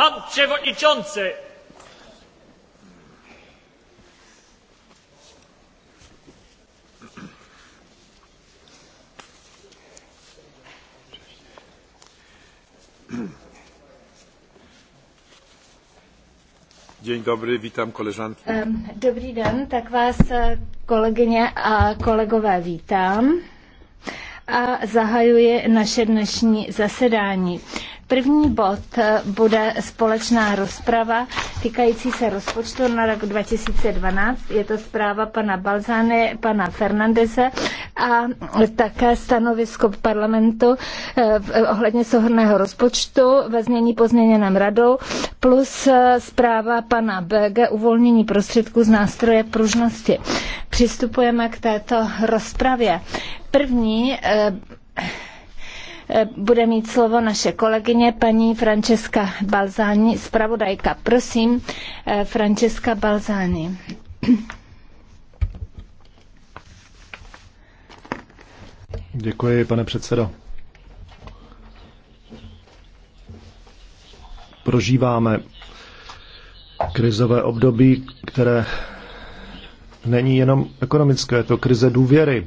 Pan przewodniczący! Dzień dobry, witam koleżanki. Dobrý den, tak vás e, kolegyně a kolegové vítám a zahajuji naše dnešní zasedání. První bod eh, bude společná rozprava týkající se rozpočtu na rok 2012. Je to zpráva pana Balzány, pana Fernandeze a také stanovisko parlamentu eh, ohledně souhrného rozpočtu ve změní pozměněném radou plus eh, zpráva pana BG uvolnění prostředků z nástroje pružnosti. Přistupujeme k této rozpravě. První Eh, bude mít slovo naše kolegyně paní Francesca Balzáni, zpravodajka. Prosím, eh, Francesca Balzáni. Děkuji, pane předsedo. Prožíváme krizové období, které není jenom ekonomické, je to krize důvěry